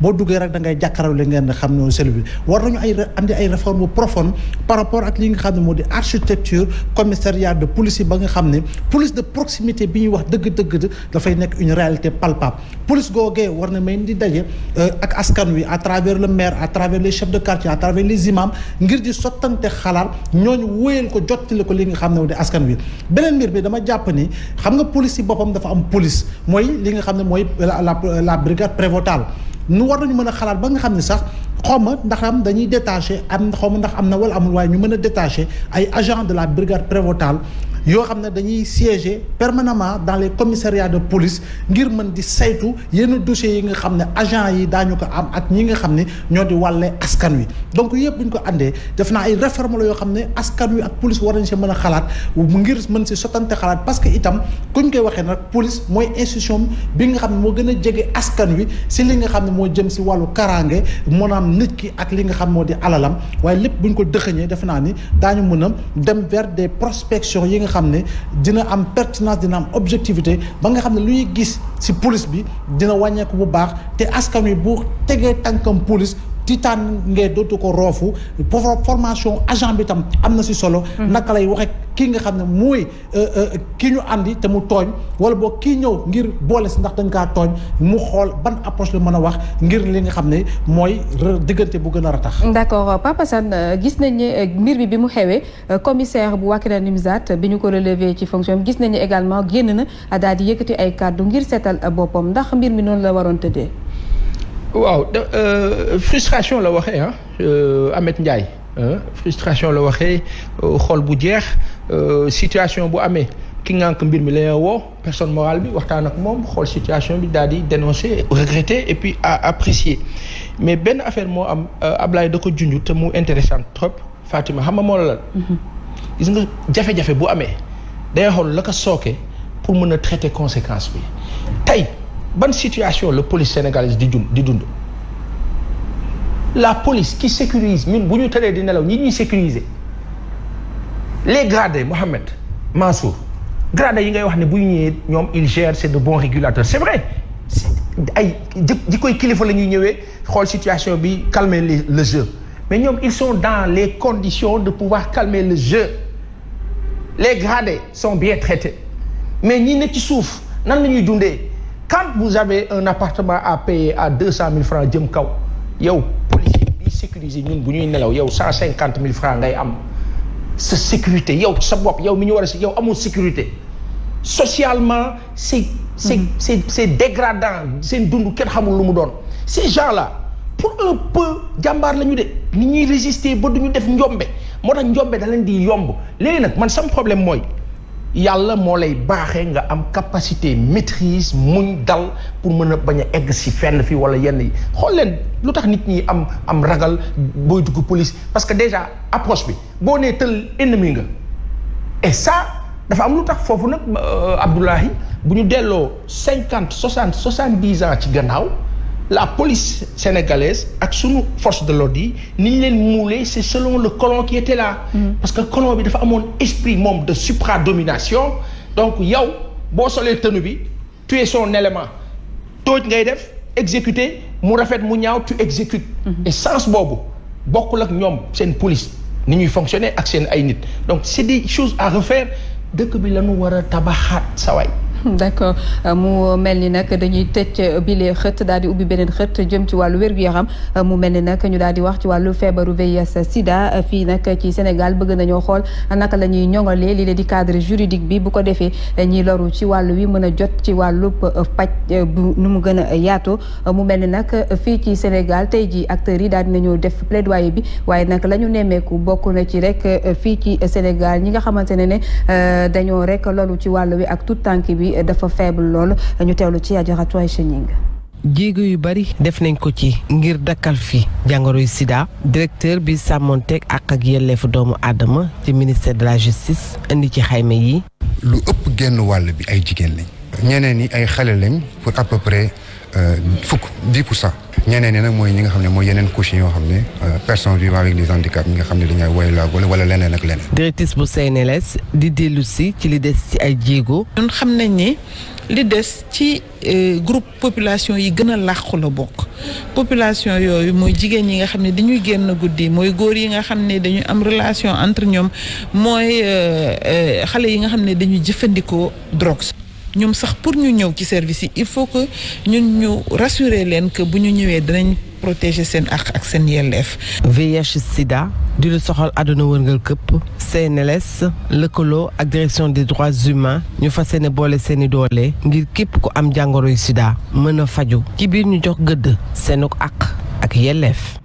boo duggee rek da ngay jàkkaarloo li ngeen xam ne selu bi war nañu ay andi ay réforme profonde par rapport ak li nga xam ne moo di architecture commissariat de police yi ba nga xam ne police de proximité bi ñuy wax dëgg-dëgg dafay nekk une réalité palpable police googee war na may di daje euh, ak askan wi à travers le maire à travers les chefs de quartier à travers les imams ngir di sottante xalaat ñooñu wóyal ko jottali ko li nga xam ne moo di askan wi beneen mbir dama jàpp ni xam nga police boppam dafa am police mooy li nga xam ne mooy la la brigade prévôtale nu war nañu mën a xalaat ba nga xam ni sax xaw ma ndax am dañuy détaché am xaw ma ndax am na wal amul waaye ñu mën a détaché ay agent de la brigade prévotale yoo xam ne dañuy siéger permanemment dans les commissariat de police ngir mën di saytu yenn dossiers yi nga xam ne agents yi daañu ko am ak ñi nga xam ne ñoo di wàlle askan wi donc yëpp bu ko andee def naa ay réforme la yoo xam ne askan wi ak police war nañ se mën a xalaat ngir mën si sottante xalaat parce que itam kuñ koy waxee nag police mooy institution bi nga xam ne moo gën a jege askan wi si li nga xam ne moo jëm si wàllu karange moonaam nit ki ak li nga xam moo di alalam waaye lépp buñ ko dëxëñee def naa ni daañu mën a dem vers des prospections yi xam ne dina am pertinence dina am objectivité ba nga xam ne lu ñuy gis si police bi dina wàññeeku bu baax te aska wi bu tegee tànkam police titaan ngeen dootu ko roofu formation agent bi tam am na si solo. Hmm. naka lay waxee kii nga xam ne mooy euh, euh, kii ñu andi te mu tooñ wala boo kii ñëw ngir boole si ndax dañ kaa tooñ mu xool ban approche la mën a wax ngir li nga xam ne mooy diggante bu gën a ratax. d'accord Papa Sane euh, gis nañ ne mbir bi bi mu xewee commissaire bu Wakhinane Nimzatt bi ñu ko relevé ci fonction gis nañ ne également génn na daal di yëkkati ay kàddu ngir seetal boppam ndax mbir mi noonu la waroon tëddee. waaw euh, frustration la waxee ah euh, Ameth Ndiaye frustration la waxee euh, xool bu jeex situation bu amee ki ngànk mbir mi la woo personne morale bi waxtaan ak moom xool situation bi daal di dénoncer regretter et puis à apprécier mais benn affaire moo am Ablaye da ko junj te mu intéressant trop Fatima xam nga moo la lan mhm. gis nga jafe-jafe bu amee day xool la ko sooke pour mën a traiter conséquence bi tey ban situation la police sénégalaise di dund di dund la police qui sécurise ñun bu ñu tëree di nelaw ñi ñuy sécuriser les gradés Mohamed Mansour gradés yi ngay wax ne buy ñëwee ñoom il gère c'est de bon régulateurs c'est vrai ay di koy kilifa la ñuy ñëwee xool situation bi calmer le jeu mais ñoom ils sont dans les conditions de pouvoir calmer le jeu les gradés sont bien traités mais ñi ne ci suuf nan la ñuy dundee quand vous avez un appartement à payer à deux cent mille francs jëm kaw yow policier bi sécuriser ñun bu ñuy nelaw yow cent cinquante mille francs ngay am sa sécurité yow sa bopp yow mi ñu war a si yow amul sécurité socialement c'est c'est mm-hmm. c'est c'est dégradant seen dund kenn xamul lu mu doon ces gens-là pour un peu jàmbaar la ñu de nit ñuy résister ba du ñu def njombe moo tax njombe da leen di yomb léegi nag man sam problème mooy yàlla moo lay baaxee nga am capacité maîtrise muñ dal pour mën a bañ a egg si fenn fii wala yenn yi xool leen lu tax nit ñi am am ragal booy dugg police parce que déjà approche bi boo nee tël ennemi nga et ça dafa am lu tax foofu nag euh, Abdoulahi bu ñu delloo cinquante soixante soixante-dix ans ci gannaaw la police sénégalaise ak sunu force de l'ordre yi ni ñu leen muulee c'est selon le colon qui était là mm. parce que colon bi dafa amoon esprit moom de supradomination donc yow boo solee tenue bi tu es son élément tooj ngay def exécuter mu rafet mu ñaaw tu exécutes mm et sens boobu bokkul ak ñoom seen police ni ñuy fonctionner ak seen ay nit donc c'est des chose à refaire dëkk bi la ñu war a tabaxaat saway d'accord euh, mu mel ni nag dañuy tëj euh, bile xët daal di ubbi beneen xët jëm ci wàllu wér-gu-yaram euh, mu mel ni nag ñu daal di wax ci wàllu feebaru VIH sida fii nag ci Sénégal bëgg nañoo xool naka la ñuy ñoŋalee lii la di cadre juridique bi bu ko defee ñi loru ci wàllu wi mën a jot ci wàllu paj bu nu mu gën a yaatoo mu mel ni nag fii ci Sénégal tey jii acteurs yi daal di nañoo def plaidoyer bi waaye nag la ñu nemmeeku bokk na ci rek fii ci Sénégal ñi nga xamante ne ne dañoo rek loru ci wàllu wi ak tout tànk bi bi dafa faible lool ñu teewlu ci ajaratu ay Chening. yu bari def nañ ko ci ngir dakkal fi jàngoro jàngoroy sida directeur bi sàmmonteeg ak ak yelleefu doomu aadama ci ministère de la justice indi ci xayma yi. lu ëpp genn wàll bi ay jigéen lañ. ñeneen yi ay xale lañ pour à Euh, fukk 10 pour cent ñeneen ñi nag mooy ñi nga xam ne mooy yeneen couche yoo xam ne euh, personnes vivant avec des handicaps ñi nga xam ne dañuy woy laa wala wala leneen ak leneen. directrice bu CNLS di dellu si ci li des ci ay jigo ñun xam nañ ni li des ci euh, groupe population yi gën a làqu la bokk population yooyu mooy jigéen ñi nga xam ne dañuy génn guddi mooy góor yi nga xam ne dañu am relation entre ñoom mooy xale yi nga xam ne dañuy jëfandikoo drogue. ñoom sax pour ñu ñëw ci service yi il faut que ñun ñu rassurer leen que bu ñu ñëwee danañ protéger seen àq ak seen yelleef. VIH Sida di lu soxal àdduna wërngal këpp CNLS lëkkaloo ak direction des droits humains ñu fas yéene boole seen i doole ngir képp ku am jàngoro yu Sida mën a faju ci biir ñu jox gëdd seenuk àq ak yelleef.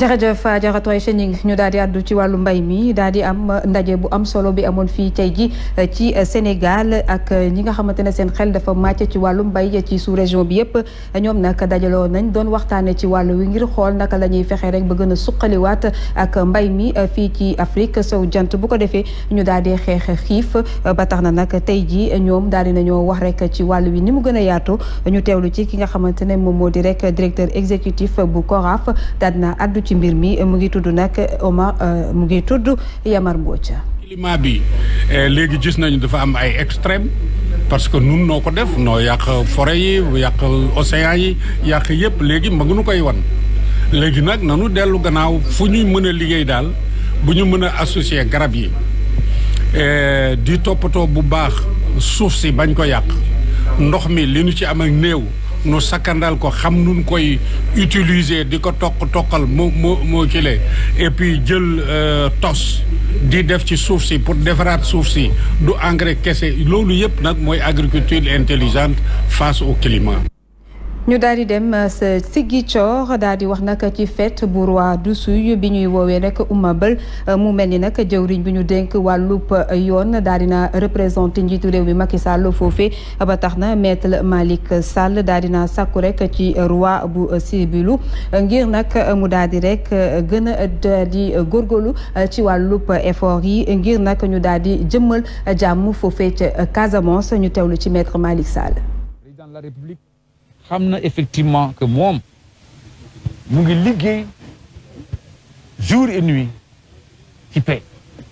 jërëjëf jarato Aïcha Gningue ñu daal di àddu ci wàllu mbay mi daal di am ndaje bu am solo bi amoon fii tey ji eh, ci eh, Sénégal ak eh, ñi nga xamante ne seen xel dafa màcc ci wàllu mbay ci sous région bi yépp ñoom nag dajaloo nañ doon waxtaane ci wàllu wi ngir xool naka la ñuy fexe rek ba gën a suqaliwaat ak mbay mi fii ci Afrique sow jant bu ko defee ñu daal di xeex xiif ba tax na nag tey ji ñoom daal di nañoo wax rek ci wàllu wi ni mu gën a yaatu ñu teewlu ci ki nga xamante ne moom moo di rek directeur exécutif bu CORAF daal na ci mbir mi mu ngi tudd nag Omar euh, mu ngi tudd Yamar Mbodj. climat bi eh, léegi gis nañu dafa am ay extrême parce que nun noo ko def noo yàq forêt yi yàq océan yi yàq yëpp léegi ma nu koy wan léegi nag nanu dellu gannaaw fu ñuy mën a liggéey daal bu ñu mën a associer garab yi eh, di toppatoo bu baax suuf si bañ ko yàq ndox mi li ñu ci am ak néew nu sakkandal ko xam nun koy utiliser di ko toq toqal moo moo moo kile et puis jël euh, tos di def ci suuf si pour defaraat suuf si du engrais kese loolu yëpp nag mooy agriculture intelligente face au climat ñu daal di dem euh, Ziguinchor daal di wax nag ci fête bu roi du Souy bi ñuy woowee rek Oumabel euh, mu mel ni nag jëwriñ bi ñu dénk wàllub euh, yoon daal dina représenté njiitu réew mi Macky Sall foofee ba tax na maître Malick Sall daal dina sàkku rek ci roi bu Sibilu ngir nag mu daal di rek gën a daal di góorgóorlu ci wàllub effort yi ngir nag ñu daal di jëmmal jàmm foofee ca Casamance ñu teewlu ci maître Malick Sall. xam na effectivement que moom mu ngi liggéey jour et nuit ci paix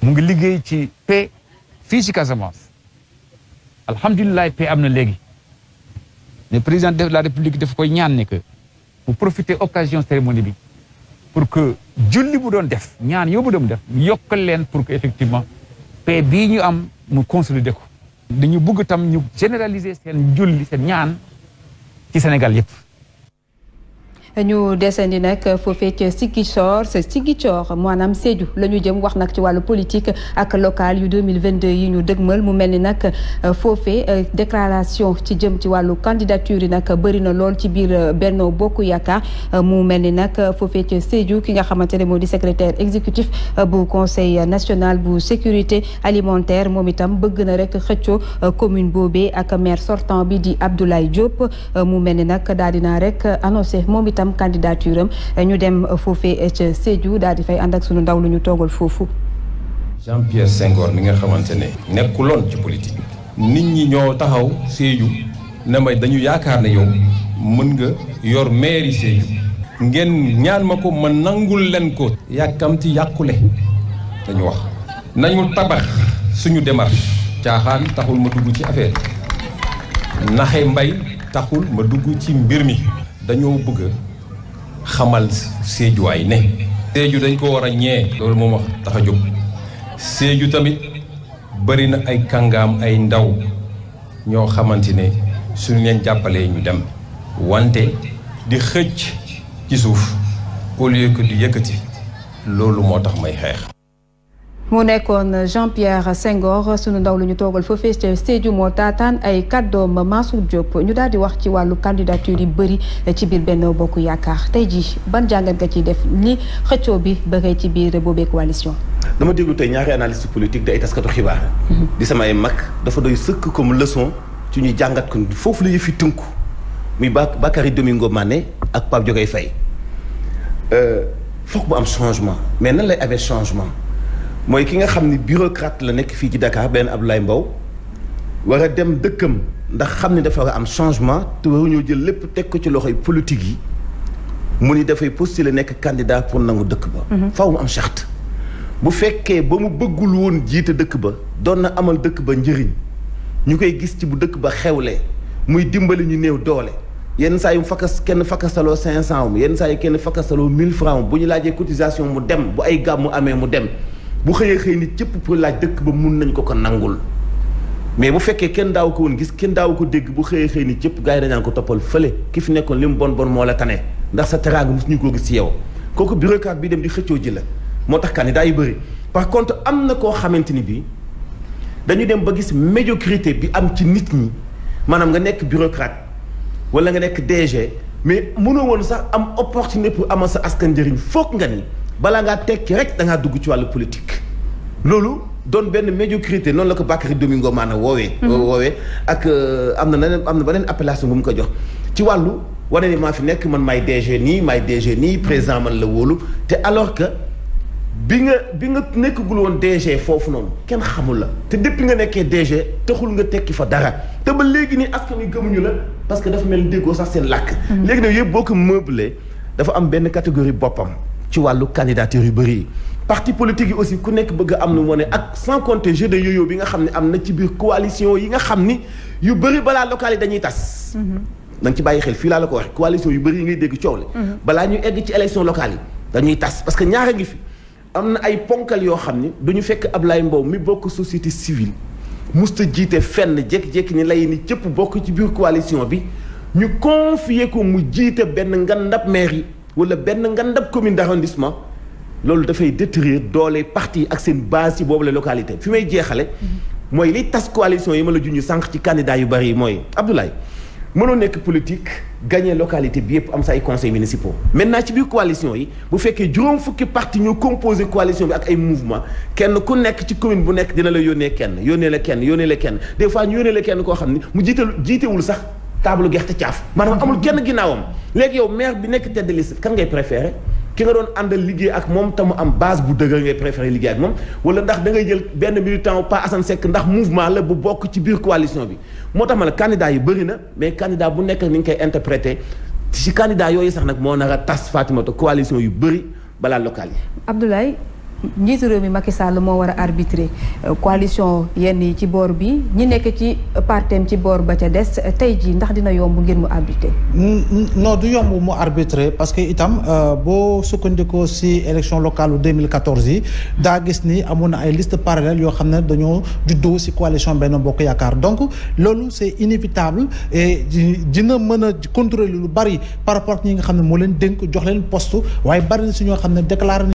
mu ngi liggéey ci paix fii ci Casamance alhamdulilah paix am na léegi ne président de la république daf koy ñaan ne que mu profiter occasion cérémonie bi pour que julli bu doon def ñaan yóbbu doon def yokkal leen pour que effectivement paix bii ñu am mu consolider ko dañu bëgg tam ñu généraliser seen julli seen ñaan ci Sénégal yëpp ñu desandi nag foofee ca Ziguinchor si Ziguinchor maanaam Sédhiou la ñu jëm wax nag ci wàllu politique ak local yu 2022 yi ñu dëgmal mu mel ni nag euh, foofee euh, déclaration ci jëm ci wàllu candidature yi nag bëri na lool ci biir euh, Benno Bokk Yaakaar mu mel ni nag foofee ca Sédhiou ki nga xamante ne moo di secrétaire exécutif bu conseil national bu sécurité alimentaire moom itam bëgg na rek xëccoo commune boobee ak maire sortant bi di Abdoulaye Diop mu mel ni nag daal dinaa rek annoncé moom itam itam am euh, ñu dem euh, foofee euh, ca Sédhiou daal di fay ànd ak sunu ndaw lu ñu toogal foofu. Jean Pierre Senghor mi nga xamante ne. nekkuloon ci politique. nit ñi ñoo taxaw Sédhiou ne may dañu yaakaar ne yow mën nga yor mairie Sédhiou. ngeen ñaan ma ko ma nangul leen ko. yàkkamti yàqule dañu wax. nañu tabax suñu démarche. caaxaan taxul ma dugg ci affaire naxe mbay taxul ma dugg ci mbir mi. dañoo bëgg xamal Sédhiou ne Sédhiou dañ ko war a ñee loolu moom wax tax a jóg Sédhiou tamit bëri na ay kàngaam ay ndaw ñoo xamante ne suñu leen jàppalee ñu dem wante di xëcc ci suuf au lieu di yëkkati loolu moo tax may xeex mu nekkoon Jean-Pierre Senghor sunu ndaw lu ñu toogal foofee ca Sédhiou moo taataan ay kàddoom Mansour Diop ñu daal di wax ci wàllu candidature yi bëri ci biir Benno Bokk Yaakaar tey jii ban jàngat nga ciy def ni xëccoo bi bëree ci biir boobee coalition. dama déglu tey ñaari analyste politique di ay taskatu xibaar. Mhm. di ay mag dafa doy sëkk comme leçon ci ñu jàngat ko foofu la ñu fi tënku muy Bakary Domingo Mané ak Pape Diogaye Faye euh, foog bu am changement mais nan lay amee changement. mooy ki nga xam ni bureaucrate la nekk fii ci Dakar benn Abdoulaye Mbow war a dem dëkkam ndax xam ni dafa war a am changement te waruñoo jël lépp teg ko ci loxo yi politique yi mu ni dafay postuler nekk candidat pour nangu dëkk ba mhm. faw mu am charte bu fekkee ba mu bëggul woon jiite dëkk ba doon na amal dëkk ba njëriñ ñu koy gis ci bu dëkk ba xewle muy dimbali ñu néew doole yenn saa yu fakkas kenn fakkasaloo cinq cent um yenn saa yu kenn fakkasaloo mille francs bu ñu laajee cotisation mu dem ay gàmmu amee mu dem bu xëyee xëy nit cëpp pour laaj dëkk ba mun nañ ko ko nangul mais bu fekkee kenn daaw ko woon gis kenn daaw ko dégg bu xëyee xëy nit cëpp gars yi dañaan ko toppal fële ki fi nekkoon li mu bon bon moo ndax sa teraanga mus koo gis ci yow kooku bureaucrate bi dem di xëccoo ji moo tax candidat yu bëri par contre am na koo xamante ni bii dañu dem ba gis médiocrité bi am ci nit ñi maanaam nga nekk bureaucrate wala nga nekk DG mais munoo woon sax am opportunité pour amal sa askan njëriñ foog nga ni balaa ngaa tekki rek da ngaa dugg ci wàllu politique loolu doon benn médiocrité noonu la ko Bakary Domingo maanaam woowee. Mhm. Euh, woowee ak euh, am na na leneen am na beneen appellation bu mu ko jox ci wàllu wane ni maa fi nekk man may DG nii maay DG nii mhm. président man la woolu te alors que bi nga bi nga nekkagul woon DG foofu noonu kenn xamul la te depuis nga nekkee DG taxul nga tekki fa dara te ba léegi nii askan wi gëmuñu la parce que dafa mel ni déggoo sax seen làkk. Mhm. léegi nag yëpp boo ko meublé dafa am benn catégorie boppam ci wàllu candidature yu bëri yi. parti politique yi aussi ku nekk bëgg am nu mu wane ak sans compter jeu de yoyo bi nga xam ne am na ci biir coalition yi nga xam ni yu bëri balaa locales yi dañuy tas. Mhm. na ci bàyyi xel fii laa la ko waxee coalition yu bëri yi ngay dégg coow la. Mhm. balaa ñu egg ci élection locale yi dañuy tas parce que ñaara ngi fi am na ay ponkal yoo xam ni du ñu fekk Ablaye Mbow mi bokk société civile. musta jiite fenn jékki-jékki ni lay ni cëpp bokk ci biir coalition bi ñu confier ko mu jiite benn ngandab mairie wala benn ngandab commune d' arrondissement. loolu dafay détruire doole parti ak seen base ci boobu la localité fi may jeexale mooy liy tas coalition yi ma la junj sànq ci candidat yu bari yi mooy Abdoulaye mënoo nekk politique gagné localité bi yëpp am sa ay conseils municipaux maintenant ci biir coalition yi bu fekkee juróom fukki parti ñu composé coalition bi ak ay mouvement kenn ku nekk ci commune bu nekk dina la yónnee kenn yónnee la kenn yónnee la kenn des fois ñu yónnee la kenn koo xam ni mu jiitalu jiitewul sax taabalu gerte caaf maanaam amul kenn ginnaawam léegi yow maire bi nekk tête de liste kan ngay préféré ki nga doon àndal liggéey ak moom tam mu am base bu dëgër ngay préféré liggéey ak moom wala ndax dangay jël benn militant Pa Assane Seck ndax mouvement la bu bokk ci biir coalition bi moo tax ma la candidat yi bëri na mais candidat bu nekk ni nga koy interprété ci candidat yooyu sax nag moo nar a tas Fatimata coalition yu bëri balaa locale yi Abdoulaye njiitu réew mi Macky Sall moo war a euh, coalition yenn yi ci boor bi ñi nekk ci partem ci boor ba ca des euh, tey jii ndax dina yomb ngir mu arbitrer. non du yomb mu arbitrer parce que itam euh, boo sukkandikoo si élection locale 2014 yi daa gis ni amoon na ay liste parallèle yoo xam ne dañoo juddoo si coalition Benno Bokk Yaakaar donc loolu c' est inévitable et dina mën a lu bari par rapport ak ñi nga xam ne moo leen dénk jox leen poste waaye bari na si ñoo xam ne déclaré